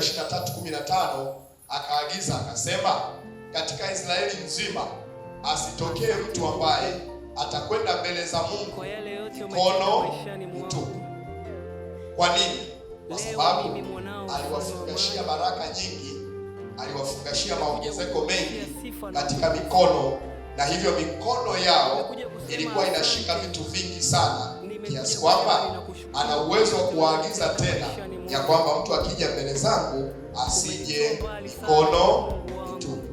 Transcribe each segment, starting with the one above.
23:15 akaagiza akasema, katika Israeli nzima asitokee mtu ambaye atakwenda mbele za Mungu mkono mtupu. Kwa nini? Kwa sababu aliwafungashia baraka nyingi, aliwafungashia maongezeko mengi katika mikono, na hivyo mikono yao ilikuwa inashika vitu vingi sana kiasi kwamba ana uwezo wa kuwaagiza tena ya kwamba mtu akija mbele zangu asije mikono mitupu.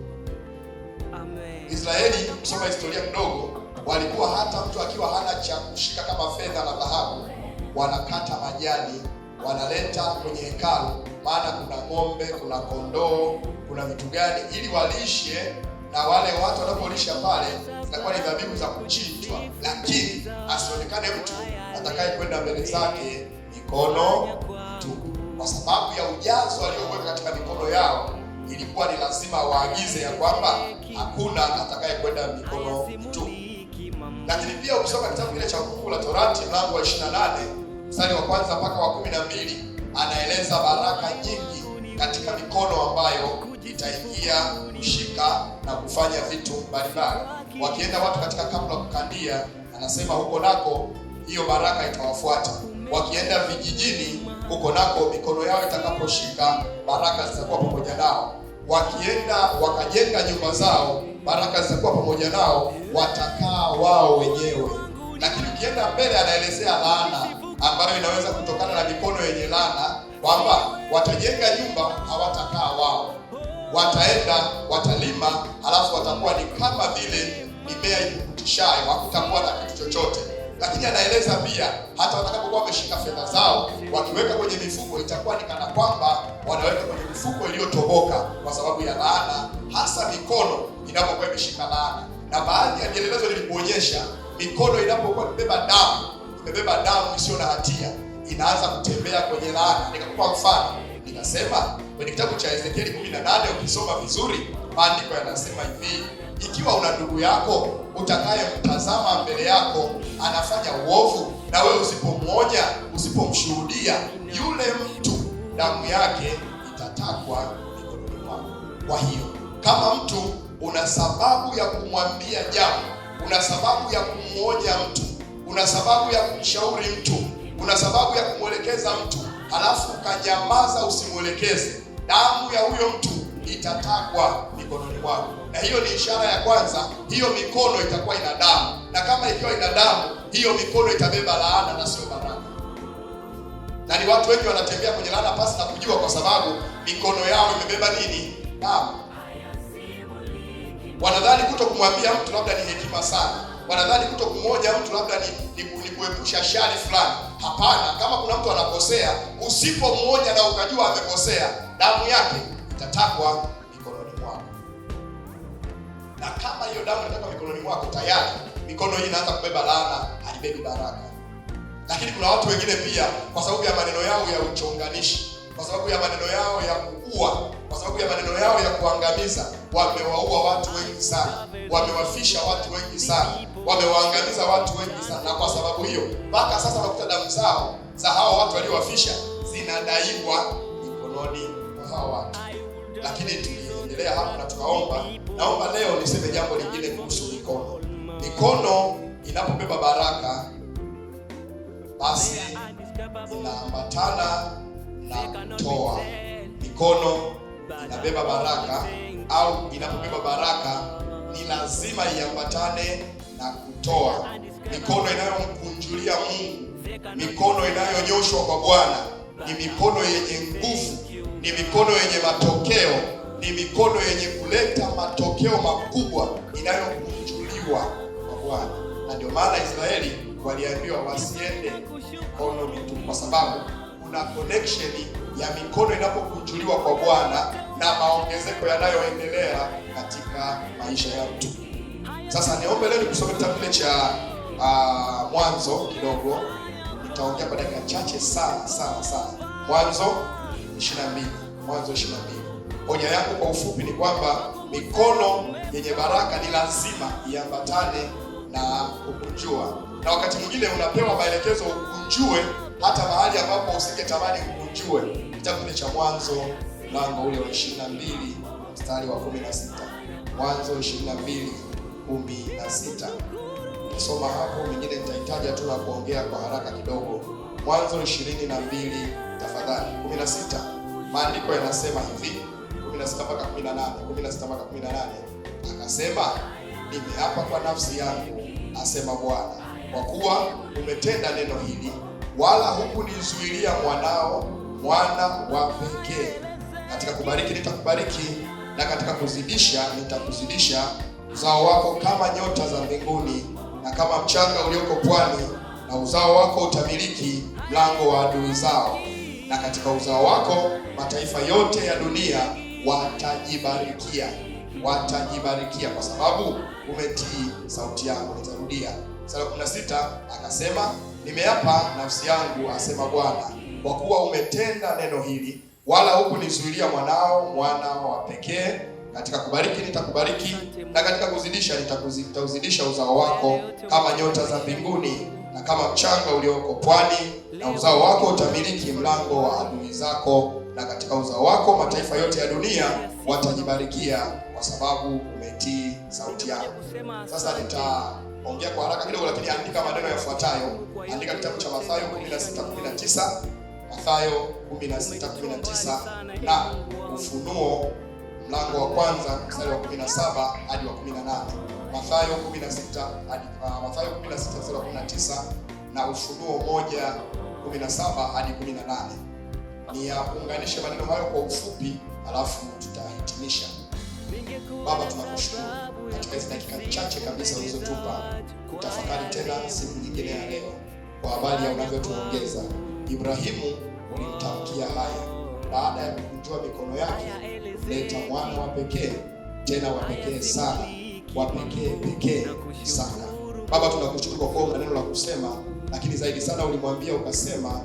Israeli, kusoma historia kidogo, walikuwa hata mtu akiwa hana cha kushika kama fedha na dhahabu, wanakata majani wanaleta kwenye hekalu, maana kuna ng'ombe, kuna kondoo, kuna vitu gani, ili walishe na wale watu wanapolisha pale zitakuwa ni dhabihu za kuchinjwa, lakini asionekane mtu atakaye kwenda mbele zake mikono tu, kwa sababu ya ujazo alioweka katika mikono yao. Ilikuwa ni lazima waagize ya kwamba hakuna atakayekwenda mikono tu Lakini pia ukisoma kitabu kile cha Kumbukumbu la Torati mlango wa 28 mstari wa kwanza mpaka wa 12 anaeleza baraka nyingi katika mikono ambayo itaingia kushika na kufanya vitu mbalimbali. Wakienda watu katika kabla la kukandia, anasema huko nako hiyo baraka itawafuata. Wakienda vijijini, huko nako mikono yao itakaposhika, baraka zitakuwa pamoja nao. Wakienda wakajenga nyumba zao, baraka zitakuwa pamoja nao, watakaa wao wenyewe. Lakini ukienda mbele, anaelezea laana ambayo inaweza kutokana na mikono yenye laana, kwamba watajenga nyumba, hawatakaa wao, wataenda watalima, halafu watakuwa ni kama vile mimea ikukutishayo, hakutakuwa na kitu chochote. Lakini anaeleza pia hata watakapokuwa wameshika fedha zao wakiweka kwenye mifuko, itakuwa ni kana kwamba wanaweka kwenye mifuko iliyotoboka, kwa sababu ya laana, hasa mikono inapokuwa imeshika laana. Na baadhi ya mielelezo nilikuonyesha, mikono inapokuwa imebeba damu, imebeba damu isiyo na hatia, inaanza kutembea kwenye laana. Nikakupa mfano, nikasema kwenye kitabu cha Ezekieli 18 ukisoma vizuri, maandiko yanasema hivi ikiwa una ndugu yako utakayemtazama mbele yako anafanya uovu, na wewe usipomwonya, usipomshuhudia yule mtu, damu yake itatakwa mikononi mwako. Kwa hiyo kama mtu una sababu ya kumwambia jambo, una sababu ya kumwonya mtu, una sababu ya kumshauri mtu, una sababu ya kumwelekeza mtu, halafu ukanyamaza, usimwelekeze, damu ya huyo mtu itatakwa mikononi mwako na hiyo ni ishara ya kwanza. Hiyo mikono itakuwa ina damu, na kama ikiwa ina damu, hiyo mikono itabeba laana na sio baraka. Na ni watu wengi wanatembea kwenye laana pasi na kujua, kwa sababu mikono yao imebeba nini? Damu. Wanadhani kuto kumwambia mtu labda ni hekima sana, wanadhani kuto kumwoja mtu labda ni, ni, ni kuepusha shari fulani. Hapana, kama kuna mtu anakosea, usipomwonya na ukajua amekosea, damu yake itatakwa na kama hiyo damu inatoka mikononi mwako tayari, mikono hii inaanza kubeba laana, haibebi baraka. Lakini kuna watu wengine pia, kwa sababu ya maneno yao ya uchonganishi, kwa sababu ya maneno yao ya kuua, kwa sababu ya maneno yao ya kuangamiza, wamewaua watu wengi sana, wamewafisha watu wengi sana, wamewaangamiza watu wengi sana, na kwa sababu hiyo mpaka sasa unakuta damu zao za hao watu waliowafisha zinadaiwa mikononi mwa hao watu, lakini tunaendelea hapo na tukaomba, naomba leo niseme jambo lingine kuhusu mikono. Mikono inapobeba baraka, basi inaambatana na kutoa. Mikono inabeba baraka au inapobeba baraka ni lazima iambatane na kutoa. Mikono inayomkunjulia Mungu, mikono inayonyoshwa kwa Bwana ni mikono yenye nguvu, ni mikono yenye matokeo ni mikono yenye kuleta matokeo makubwa inayokunjuliwa kwa Bwana. Na ndio maana Israeli waliambiwa wasiende mikono mitupu, kwa sababu kuna connection ya mikono inapokunjuliwa kwa Bwana na maongezeko yanayoendelea katika maisha ya mtu. Sasa niombe leo nikusome kitabu kile cha uh, Mwanzo kidogo, nitaongea kwa dakika chache sana sana sana. Mwanzo 22, Mwanzo 22 Hoja yangu kwa ufupi ni kwamba mikono yenye baraka ni lazima iambatane na kukunjua, na wakati mwingine unapewa maelekezo ukunjue hata mahali ambapo usingetamani ukunjue Kitabu ni cha Mwanzo mlango ule wa 22 mstari wa 16, Mwanzo 22 16. Soma hapo, mengine nitahitaja tu na kuongea kwa haraka kidogo. Mwanzo 22 tafadhali 16, maandiko yanasema hivi 16 mpaka 18, 16 mpaka 18 akasema, nimeapa kwa nafsi yangu, asema Bwana, kwa kuwa umetenda neno hili, wala hukunizuilia mwanao, mwana wa pekee. Katika kubariki nitakubariki, na katika kuzidisha nitakuzidisha. Uzao wako kama nyota za mbinguni na kama mchanga ulioko pwani, na uzao wako utamiliki mlango wa adui zao, na katika uzao wako mataifa yote ya dunia watajibarikia, watajibarikia kwa sababu umetii sauti yangu. Nitarudia sura 16, akasema nimeapa nafsi yangu, asema Bwana, kwa kuwa umetenda neno hili, wala hukunizuilia mwanao, mwana wa pekee katika kubariki nitakubariki, na katika kuzidisha nitakuzidisha uzao wako kama nyota za mbinguni na kama mchanga ulioko pwani, na uzao wako utamiliki mlango wa adui zako na katika uzao wako mataifa yote ya dunia watajibarikia, kwa sababu umetii sauti yako. Sasa nitaongea kwa haraka kidogo, lakini andika maneno yafuatayo. Andika kitabu cha Mathayo 16:19, Mathayo 16:19 na Ufunuo mlango wa kwanza mstari wa 17 hadi wa 18. Mathayo 16 hadi Mathayo 16:19 na Ufunuo moj17 hadi 18 ni ya kuunganisha maneno hayo kwa ufupi, alafu tutahitimisha. Baba, tunakushukuru katika hizi dakika chache kabisa ulizotupa kutafakari tena siku nyingine ya leo kwa habari ya unavyotuongeza. Ibrahimu ulimtamkia haya baada ya kukunjua mikono yake, leta mwana wa pekee, tena wa pekee sana, wa pekee pekee sana. Baba, tunakushukuru kwa kuwa una neno la kusema, lakini zaidi sana ulimwambia ukasema,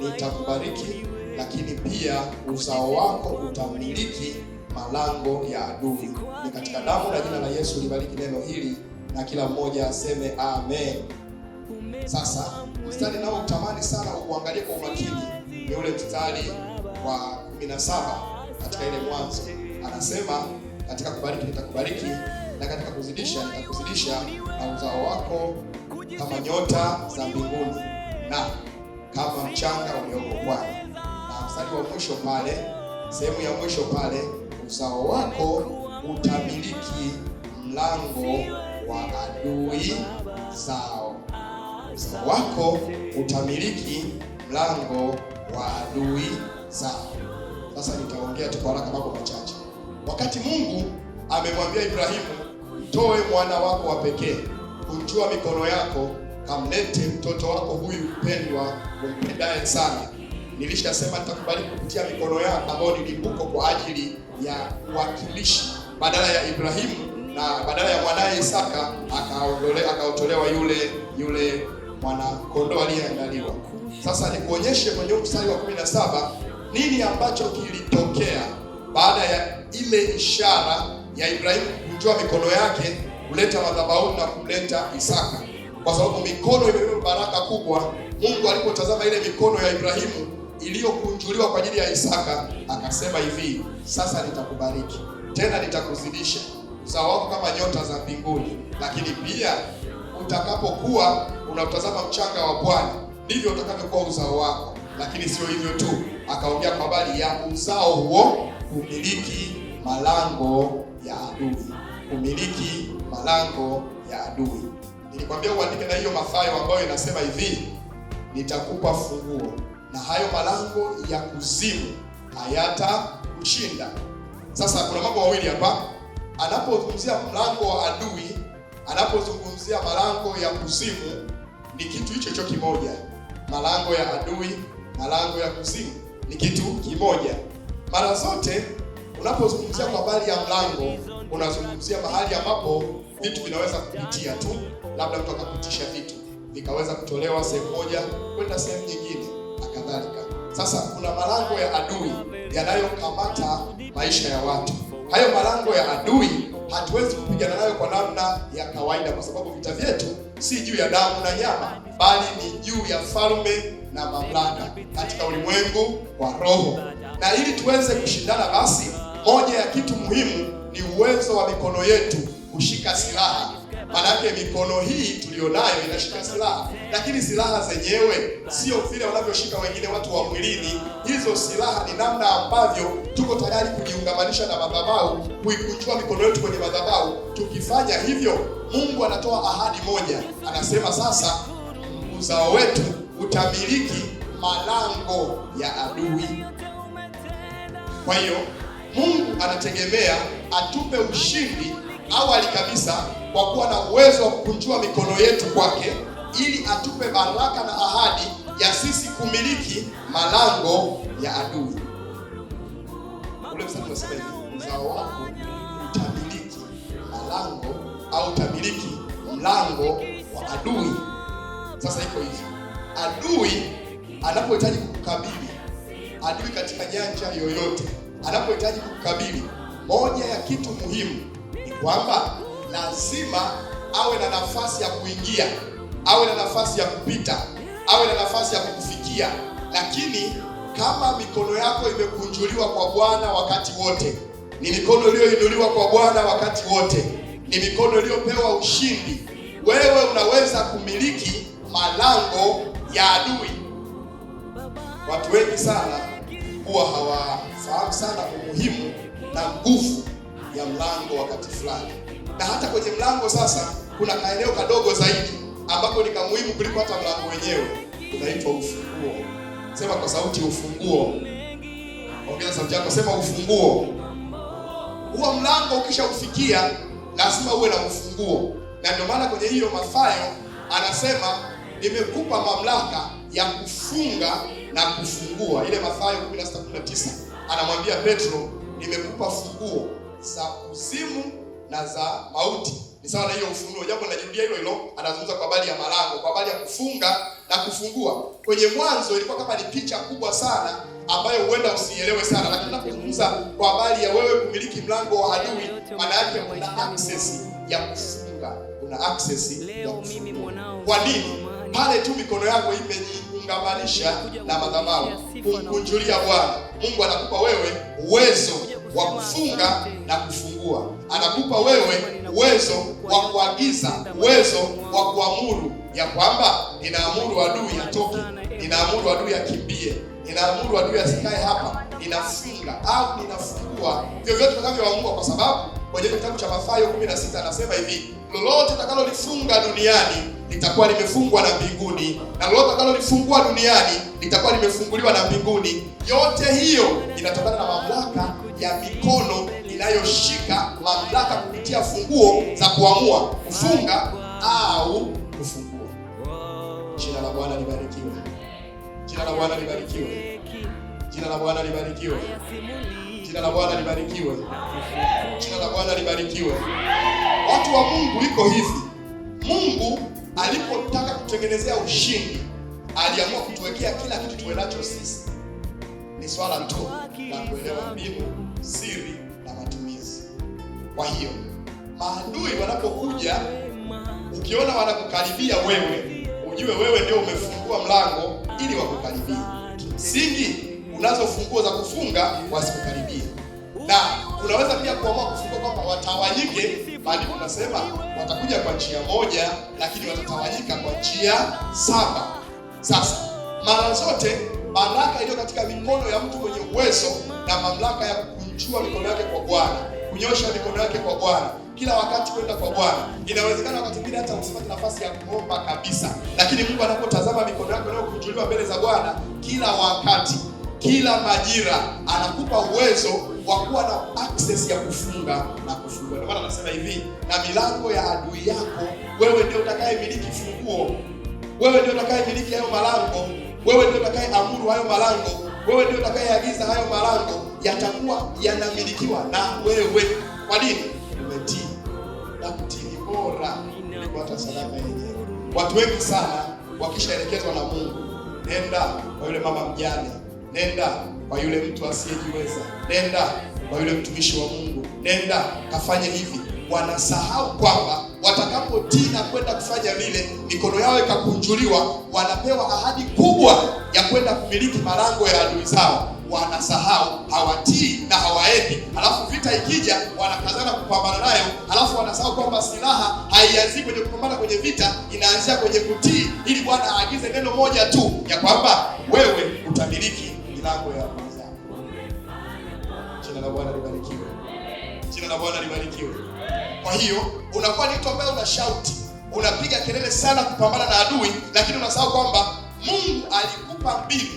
nitakubariki lakini pia uzao wako utamiliki malango ya adui. Ni katika damu na jina la Yesu libariki neno hili, na kila mmoja aseme amen. Sasa mstari nao utamani sana kuangalia kwa umakini ni ule mstari wa 17 katika ile Mwanzo, anasema katika kubariki nitakubariki, na katika kuzidisha nitakuzidisha, na uzao wako kama nyota za mbinguni na kama mchanga ulioko pwani mstari wa mwisho pale, sehemu ya mwisho pale, uzao wako utamiliki mlango wa adui zao. Uzao wako utamiliki mlango wa adui zao. Sasa nitaongea tu kwa haraka mambo machache. Wakati Mungu amemwambia Ibrahimu, toe mwana wako wa pekee, kumchua mikono yako, kamlete mtoto wako huyu mpendwa, umpendaye sana Nilishasema nitakubali kupitia mikono yao ambao ni limbuko kwa ajili ya uwakilishi badala ya Ibrahimu na badala ya mwanaye Isaka akaotolewa yule yule mwana kondoo aliyeandaliwa. Sasa nikuonyeshe kwenye mstari wa 17 nini ambacho kilitokea baada ya ile ishara ya Ibrahimu kutoa mikono yake kuleta madhabahu na kumleta Isaka, kwa sababu mikono imebeba baraka kubwa. Mungu alipotazama ile mikono ya Ibrahimu iliyokunjuliwa kwa ajili ya Isaka, akasema hivi, sasa nitakubariki tena nitakuzidisha uzao wako kama nyota za mbinguni, lakini pia utakapokuwa unautazama mchanga wa Bwana, ndivyo utakavyokuwa uzao wako. Lakini sio hivyo tu, akaongea kwa habari ya uzao huo kumiliki malango ya adui, kumiliki malango ya adui. Nilikwambia uandike na hiyo Mathayo ambayo inasema hivi, nitakupa funguo na hayo malango ya kuzimu hayata kushinda. Sasa kuna mambo mawili hapa, anapozungumzia mlango wa adui, anapozungumzia malango ya kuzimu, ni kitu hicho hicho kimoja. Malango ya adui, malango ya kuzimu ni kitu kimoja. Mara zote unapozungumzia kwa habari ya mlango, unazungumzia mahali ambapo vitu vinaweza kupitia tu, labda mtu akapitisha vitu vikaweza kutolewa sehemu moja kwenda sehemu nyingine kadhalika. Sasa kuna malango ya adui yanayokamata maisha ya watu. Hayo malango ya adui hatuwezi kupigana nayo kwa namna ya kawaida, kwa sababu vita vyetu si juu ya damu na nyama, bali ni juu ya falme na mamlaka katika ulimwengu wa roho. Na ili tuweze kushindana, basi moja ya kitu muhimu ni uwezo wa mikono yetu kushika silaha Manake mikono hii tuliyonayo inashika silaha, lakini silaha zenyewe sio vile wanavyoshika wengine watu wa mwilini. Hizo silaha ni namna ambavyo tuko tayari kujiungamanisha na madhabahu, kuikunjua mikono yetu kwenye madhabahu. Tukifanya hivyo, Mungu anatoa ahadi moja, anasema sasa uzao wetu utamiliki malango ya adui. Kwa hiyo Mungu anategemea atupe ushindi awali kabisa kwa kuwa na uwezo wa kukunjua mikono yetu kwake, ili atupe baraka na ahadi ya sisi kumiliki malango ya adui. Ule mstari unasema hivi, mzao wako utamiliki malango au utamiliki mlango wa adui. Sasa iko hivi, adui anapohitaji kukabili adui katika nyanja yoyote, anapohitaji kukabili, moja ya kitu muhimu ni kwamba lazima awe na nafasi ya kuingia, awe na nafasi ya kupita, awe na nafasi ya kukufikia. Lakini kama mikono yako imekunjuliwa kwa Bwana wakati wote, ni mikono iliyoinuliwa kwa Bwana wakati wote, ni mikono iliyopewa ushindi, wewe unaweza kumiliki malango ya adui. Watu wengi sana huwa hawafahamu sana umuhimu na nguvu ya mlango wakati fulani na hata kwenye mlango sasa kuna kaeneo kadogo zaidi ambapo ni kamuhimu kuliko hata mlango wenyewe, unaitwa ufunguo. Sema kwa sauti, ufunguo. Ongeza sauti yako, sema ufunguo. Huo mlango ukishaufikia lazima uwe na ufunguo, na ndio maana kwenye hiyo Mathayo anasema nimekupa mamlaka ya kufunga na kufungua. Ile Mathayo 16:19 anamwambia Petro, nimekupa funguo za kuzimu na za mauti. Ni sawa na hiyo ufunuo, japo najirudia hilo hilo, anazungumza kwa habari ya malango, kwa habari ya kufunga na kufungua. Kwenye mwanzo ilikuwa kama ni picha kubwa sana ambayo huenda usielewe sana, lakini nakuzungumza kwa habari ya wewe kumiliki mlango wa adui, maana yake una access ya kufunga, una access ya kufunga. Kwa nini? Pale tu mikono yako imejiungamanisha na madhabahu kumkunjulia Bwana Mungu, anakupa wewe uwezo wa kufunga na kufungua, anakupa wewe uwezo wa kuagiza, uwezo wa kuamuru, ya kwamba ninaamuru adui atoke, ninaamuru adui akimbie, ninaamuru adui asikae hapa, ninafunga au ninafungua, vyovyote utakavyoamua, kwa sababu kwenye kitabu cha Mathayo 16 anasema hivi, lolote utakalolifunga duniani litakuwa limefungwa na mbinguni, na lolote utakalolifungua duniani litakuwa limefunguliwa na mbinguni. Yote hiyo inatokana na mamlaka ya mikono inayoshika mamlaka kupitia funguo za kuamua kufunga au kufungua. Jina la Bwana libarikiwe. Jina la Bwana libarikiwe. Jina la Bwana libarikiwe. Jina la Bwana libarikiwe. Jina la Bwana libarikiwe. Watu wa Mungu, liko hivi. Mungu alipotaka kutengenezea ushindi, aliamua kutuwekea kila kitu tuwe nacho sisi ni swala tu la kuelewa mbinu, siri na matumizi. Kwa hiyo maadui wanapokuja, ukiona wanakukaribia wewe, ujue wewe ndio umefungua mlango ili wakukaribie. Kimsingi unazo funguo za kufunga wasikukaribie, na unaweza pia kuamua kufunga kwamba watawanyike. Maandiko unasema watakuja kwa njia moja, lakini watatawanyika kwa njia saba. Sasa mara zote baraka iliyo katika mikono ya mtu mwenye uwezo na mamlaka ya kukunjua mikono yake kwa Bwana, kunyosha mikono yake kwa Bwana kila wakati kwenda kwa Bwana. Inawezekana wakati mwingine hata usipate nafasi ya kuomba kabisa, lakini Mungu anapotazama mikono yako inayokunjuliwa mbele za Bwana kila wakati, kila majira, anakupa uwezo wa kuwa na access ya kufunga na kufunga. Ndio maana anasema hivi, na milango ya adui yako wewe ndio utakayemiliki funguo, wewe ndio utakayemiliki hayo malango wewe ndio amuru hayo malango, wewe ndio utakayeagiza hayo malango, yatakuwa yanamilikiwa na wewe. Kwa nini? Umetii, na kutii ni bora kupata salama yenyewe. Watu wengi sana wakishaelekezwa na Mungu, nenda kwa yule mama mjane, nenda kwa yule mtu asiyejiweza, nenda kwa yule mtumishi wa Mungu, nenda kafanye hivi wanasahau kwamba watakapotii na kwenda kufanya vile, mikono yao ikakunjuliwa, wanapewa ahadi kubwa ya kwenda kumiliki malango ya adui zao. Wanasahau, hawatii na hawaendi, alafu vita ikija, wanakazana kupambana nayo, alafu wanasahau kwamba silaha haianzii kwenye kupambana kwenye vita, inaanzia kwenye kutii, ili Bwana aagize neno moja tu ya kwamba wewe utamiliki milango ya adui zao. Jina la Bwana libarikiwe. Jina la Bwana libarikiwe. Kwa hiyo unakuwa ni mtu ambaye unashauti, unapiga kelele sana kupambana na adui, lakini unasahau kwamba Mungu alikupa mbinu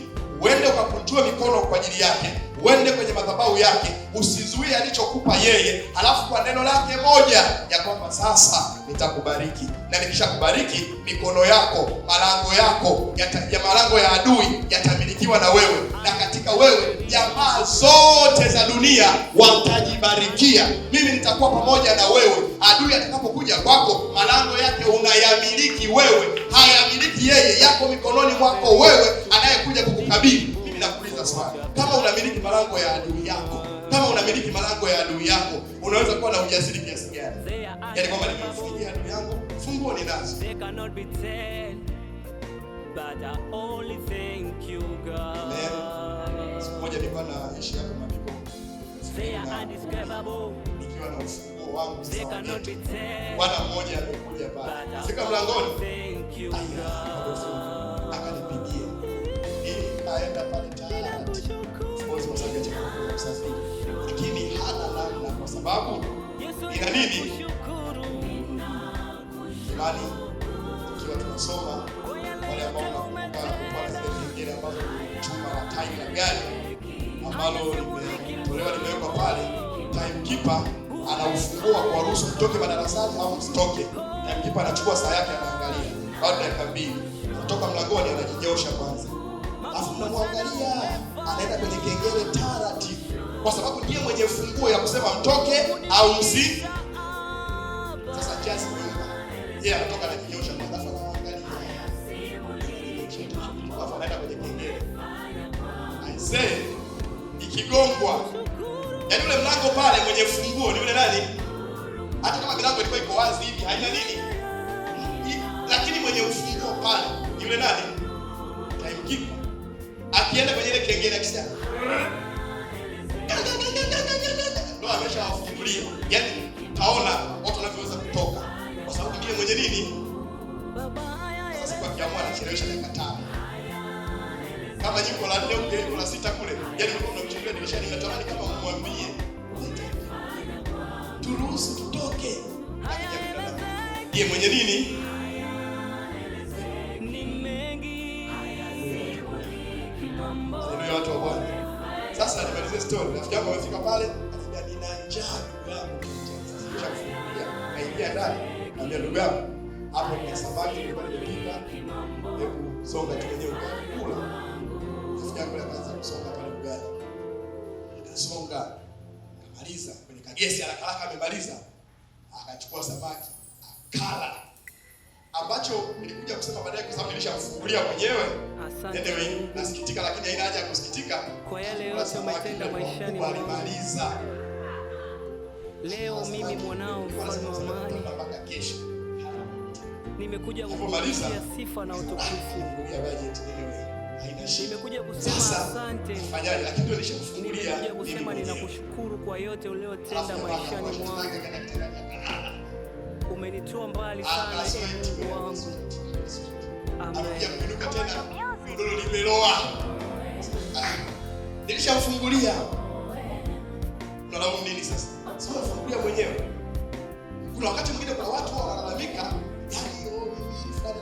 uende ukakunjua mikono kwa ajili yake uende kwenye madhabahu yake, usizuie alichokupa yeye, alafu kwa neno lake moja ya kwamba sasa nitakubariki, na nikishakubariki mikono yako, malango yako ya malango ya adui yatamilikiwa na wewe, na katika wewe jamaa zote za dunia watajibarikia. Mimi nitakuwa pamoja na wewe. Adui atakapokuja kwako, malango yake unayamiliki wewe, hayamiliki yeye, yako mikononi mwako wewe, anayekuja kukukabili kucheza sana. Kama unamiliki malango ya adui yako, kama unamiliki malango ya adui yako, unaweza kuwa na ujasiri kiasi gani? Yaani kwamba nimemfungia adui yangu, funguo ni nazo. Siku moja nilikuwa naishi hapo Mabibo nikiwa na ufunguo wangu, bwana mmoja alikuja pale, fika mlangoni sababu ina nini? Imani ikiwa tunasoma wale ambao wanakumbana ambazo chuma na tai na gari ambalo limetolewa limewekwa pale, timekeeper anaufungua kwa ruhusa, mtoke madarasani au msitoke. Timekeeper anachukua saa yake, anaangalia bado dakika mbili, anatoka mlangoni, anajinyosha kwanza, alafu mnamwangalia anaenda kwenye kengele taratibu, kwa sababu ndiye mwenye funguo ya kusema mtoke au msi. Sasa jazi remember, yeye anatoka na kinyosha na dafa anaangalia angalia, anaenda kwenye kengele aisee, ikigongwa yaani ule mlango pale mwenye funguo ni yule nani? Hata kama milango ilikuwa iko wazi hivi haina nini, lakini mwenye ufunguo pale ni yule nani? akienda kwenye ile kengele akisema ndo ameshawafungulia, yaani taona watu wanavyoweza kutoka, kwa sababu kingine mwenye nini siku akiamua anachelewesha dakika tano kama jiko la nne kule la sita kule, yaani unamchimbia dirisha. Ninatamani kama umwambie turuhusu tutoke, yeye yaani, yaani, yaani, mwenye nini story. Rafiki yangu amefika pale, anambia nina njaa ndugu yangu. Chafulia. Kaingia ndani. Anambia ndugu yangu, hapo kuna samaki nilikuwa nimepika. Hebu songa tu wenyewe ukakula. Rafiki yangu akaanza kusonga pale ugali. Akasonga. Akamaliza kwenye kagesi haraka haraka amemaliza. Akachukua sabaki akala ambacho nilikuja kusema baadaye, kwa sababu nilishafungulia mwenyewe. Anyway, nasikitika, lakini haina haja ya kusikitika kwa yale yote umetenda maishani mwangu. Leo mimi mwanao, mfalme wa amani, nimekuja kukupatia sifa na utukufu. Nimekuja kusema asante, Fanyaje? Lakini ndio nilishafungulia. nimekuja kusema ninakushukuru kwa yote uliotenda maishani mwangu umenitoa mbali sana, ah, Mungu wangu. Amen. Limeloa, ah, nilishafungulia Unalaumu nini sasa? Sifungulia mwenyewe. Kuna wakati mwingine kuna watu wanalalamika yaani, oh, ah,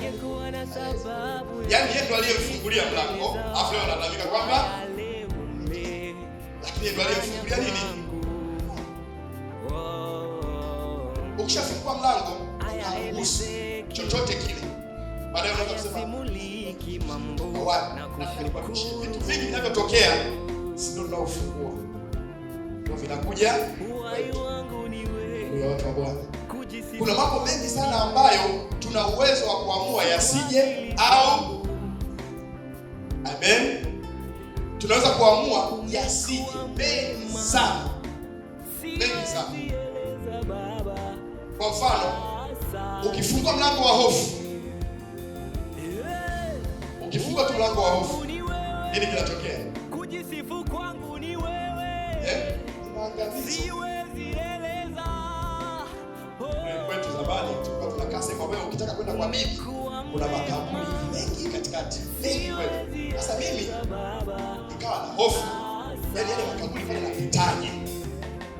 yaani, yaani yeye ndo aliyemfungulia mlango, afu leo analalamika kwamba lakini ndo aliyemfungulia nini? Ukishafungua mlango unaruhusu chochote kile, baadaye unaweza kusema vitu vingi vinavyotokea, si ndio? Tunaofungua ndio vinakuja watu wa Bwana. Kuna mambo mengi sana ambayo tuna uwezo wa kuamua yasije au Amen. Tunaweza kuamua yasije mengi sana, mengi sana kwa mfano, ukifunga mlango wa hofu, ukifunga tu mlango wa hofu, nini kinatokea? Kujisifu kwangu ni wewe, eh, siwezi eleza. Oh. Kwetu zamani tulikuwa tunakase kwa wewe, ukitaka kwenda kwa bibi kuna makaburi mengi katikati mengi kwetu. Sasa mimi nikawa na hofu, yaani yale pale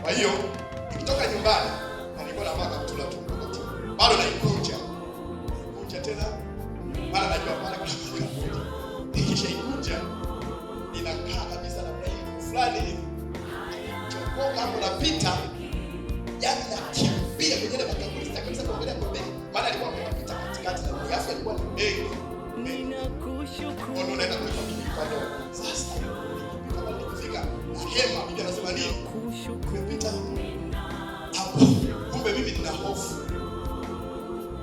Kwa hiyo nikitoka nyumbani Unavaa kaptula tu bado naikunja naikunja tena, maana najua pana kashika moja, nikishaikunja inakaa kabisa namna hii fulani hivi, chokoka hapo napita, yani nakimbia mwenyewe natanguliza kabisa kuangalia kwa mbele, maana alikuwa anapita katikati na mwiafu alikuwa ni mbele ndio naenda kuweka mimi pale. Sasa nikipita nikifika hema, mimi anasema nini, nimepita mimi nina hofu.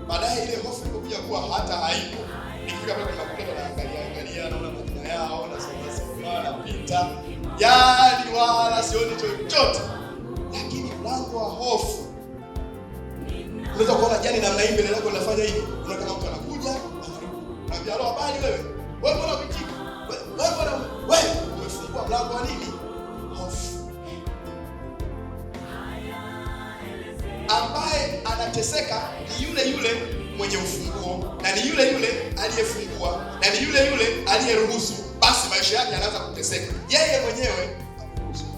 Baadaye ile hofu ikakuja kuwa hata haipo. Nikifika pale nakuta naangalia angalia naona majina yao na sasa sasa napita. Yaani wala sioni chochote. Lakini mlango wa hofu. Unaweza kuona jani namna hii mbele yako linafanya hivi. Unataka mtu anakuja, anakuja. Alo, habari wewe? Wewe mbona ukichika? Wewe mbona wewe umefungua mlango wa nini? Hofu. ambaye anateseka ni yule yule mwenye ufunguo na ni yule yule aliyefungua na ni yule yule aliyeruhusu, basi maisha yake anaanza kuteseka yeye mwenyewe.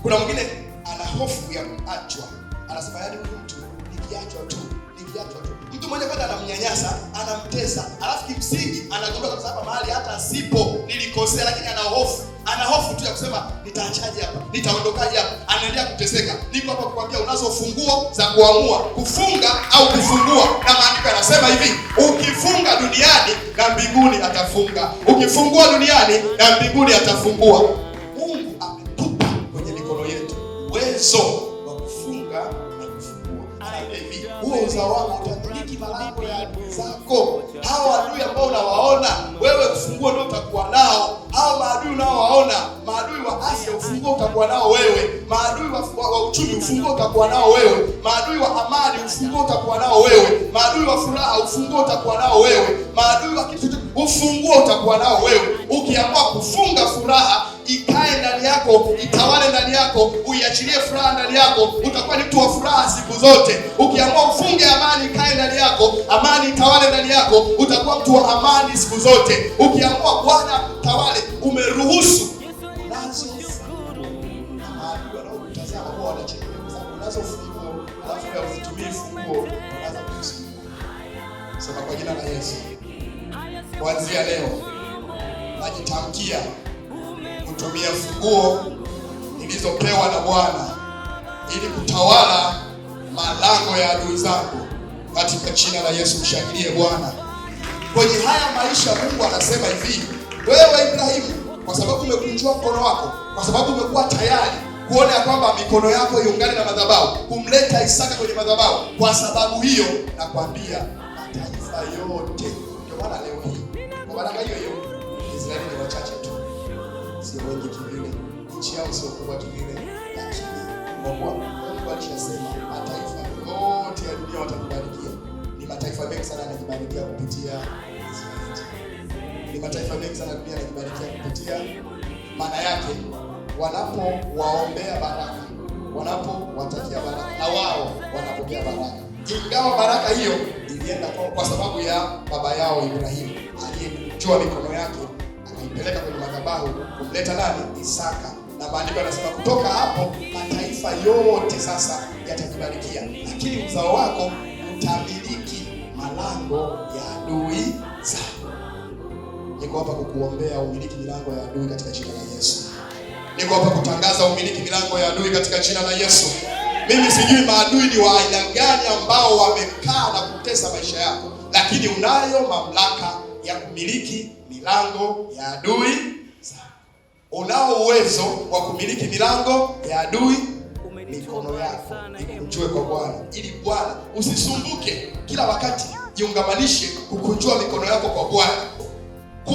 Kuna mwingine ana hofu ya kuachwa, anasema yaani, huyu mtu nikiachwa tu, nikiachwa tu. Mtu mwenye kwanza anamnyanyasa, anamtesa, alafu kimsingi anagundua kabisa hapa mahali hata asipo nilikosea, lakini ana hofu, ana hofu tu ya kusema nitaachaje hapa? Nitaondokaje hapa? Anaendelea kuteseka. Niko hapa kukwambia unazo funguo za kuamua kufunga au kufungua, na maandiko yanasema hivi, ukifunga duniani na mbinguni atafunga, ukifungua duniani na mbinguni atafungua. Mungu ametupa kwenye mikono yetu uwezo wa kufunga na kufungua. Hivi huo uzao wako utamiliki malango ya zako. Hawa adui ambao unawaona wewe, kufungua ndio utakuwa nao. Hawa maadui unaowaona basi afya, ufunguo utakuwa nao wewe. Maadui wa, wa uchumi, ufunguo utakuwa nao wewe. Maadui wa amani, ufunguo utakuwa nao wewe. Maadui wa furaha, ufunguo utakuwa nao wewe. Maadui wa kitu, ufunguo utakuwa nao wewe. Ukiamua kufunga furaha ikae ndani yako, itawale ndani yako, uiachilie furaha ndani yako, utakuwa ni mtu wa furaha siku zote. Ukiamua ufunge amani ikae ndani yako, amani itawale ndani yako, utakuwa mtu wa amani siku zote. Ukiamua Bwana tawale, umeruhusu unazo funguo alafu hauzitumii funguo, unaanza kujisumbua. Sema kwa jina la Yesu, kuanzia leo najitamkia kutumia funguo nilizopewa na Bwana ili kutawala malango ya adui zangu katika jina la Yesu. Mshangilie Bwana kwenye haya maisha. Mungu anasema hivi, wewe Ibrahimu, kwa sababu umekunjua mkono wako, kwa sababu umekuwa tayari kuona kwamba mikono yako iungane na madhabahu, kumleta Isaka kwenye madhabahu. Kwa sababu hiyo nakwambia mataifa yote, ndio maana leo hii kwa baraka hiyo hiyo Israeli ni wachache tu, sio wengi kivile, nchi yao sio kubwa kivile, lakini Mungu alishasema mataifa yote ya dunia watakubarikia. Ni mataifa mengi sana yanajibarikia kupitia Israeli, ni mataifa mengi sana dunia yanajibarikia kupitia, maana yake wanapowaombea baraka, wanapowatakia baraka na wao wanapokea baraka, ingawa baraka hiyo ilienda kwa, kwa sababu ya baba yao Ibrahimu aliyechua mikono yake akaipeleka kwenye madhabahu kumleta nani? Isaka. Na maandiko yanasema kutoka hapo mataifa yote sasa yatakubarikia, lakini mzao wako utamiliki malango ya adui zako. Niko hapa kukuombea umiliki milango ya adui katika jina la Yesu. Niko hapa kutangaza umiliki milango ya adui katika jina la Yesu. Mimi sijui maadui ni wa aina gani ambao wamekaa na kutesa maisha yako, lakini unayo mamlaka ya kumiliki milango ya adui. Unao uwezo wa kumiliki milango ya adui mikono yako ikunjue kwa Bwana ili Bwana usisumbuke kila wakati, jiungamanishe kukunjua mikono yako kwa Bwana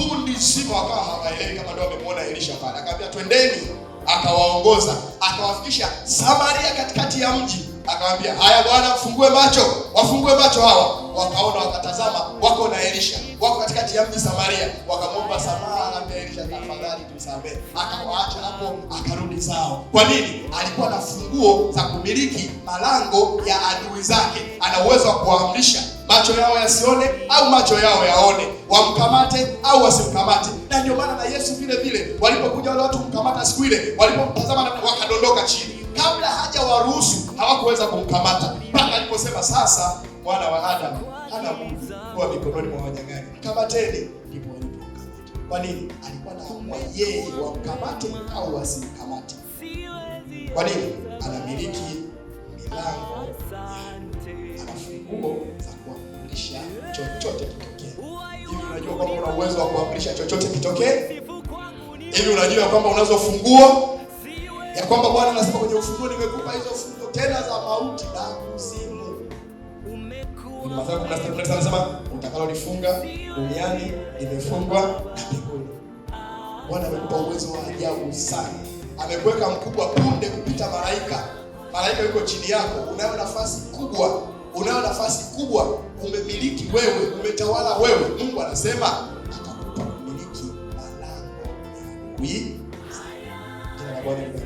kundi zima wakawa hawaeleweki kama ndio wamemwona Elisha pale. Akaambia twendeni, akawaongoza, akawafikisha Samaria katikati ya mji. Akamwambia, haya bwana, fungue macho. Wafungue macho hawa. Wakaona, wakatazama, wako na Elisha, wako katikati ya mji Samaria. Wakamwomba samaha, akamwambia Elisha, tafadhali tusamehe. Akawaacha hapo, akarudi zao. Kwa nini? Alikuwa na funguo za kumiliki malango ya adui zake, ana uwezo wa kuamrisha macho yao yasione au macho yao yaone, wamkamate au wasimkamate. Na ndio maana na Yesu vile vile, walipokuja wale watu kumkamata siku ile, walipomtazama wakadondoka chini kabla haja waruhusu hawakuweza kumkamata mpaka aliposema sasa mwana wa Adamu hana Mungu kuwa mikononi mwa wanyang'anyi, mkamateni. Ndipo walipomkamata. Kwa nini? Alikuwa naamua yeye wamkamate au wasimkamate. Kwa nini? Anamiliki milango, ana funguo za kuamrisha chochote kitokee. Hivi unajua kwamba una uwezo wa kuamrisha chochote kitokee? Hivi unajua kwamba unazofungua ya kwamba Bwana anasema kwenye ufunguo, nimekupa hizo funguo tena za mauti na kuzimu. Anasema utakalolifunga duniani limefungwa na mbinguni. Bwana amekupa uwezo wa ajabu sana, amekuweka mkubwa punde kupita malaika. Malaika yuko chini yako, unayo nafasi kubwa, unayo nafasi kubwa, umemiliki wewe, umetawala wewe. Mungu anasema atakupa kumiliki malango ya adui.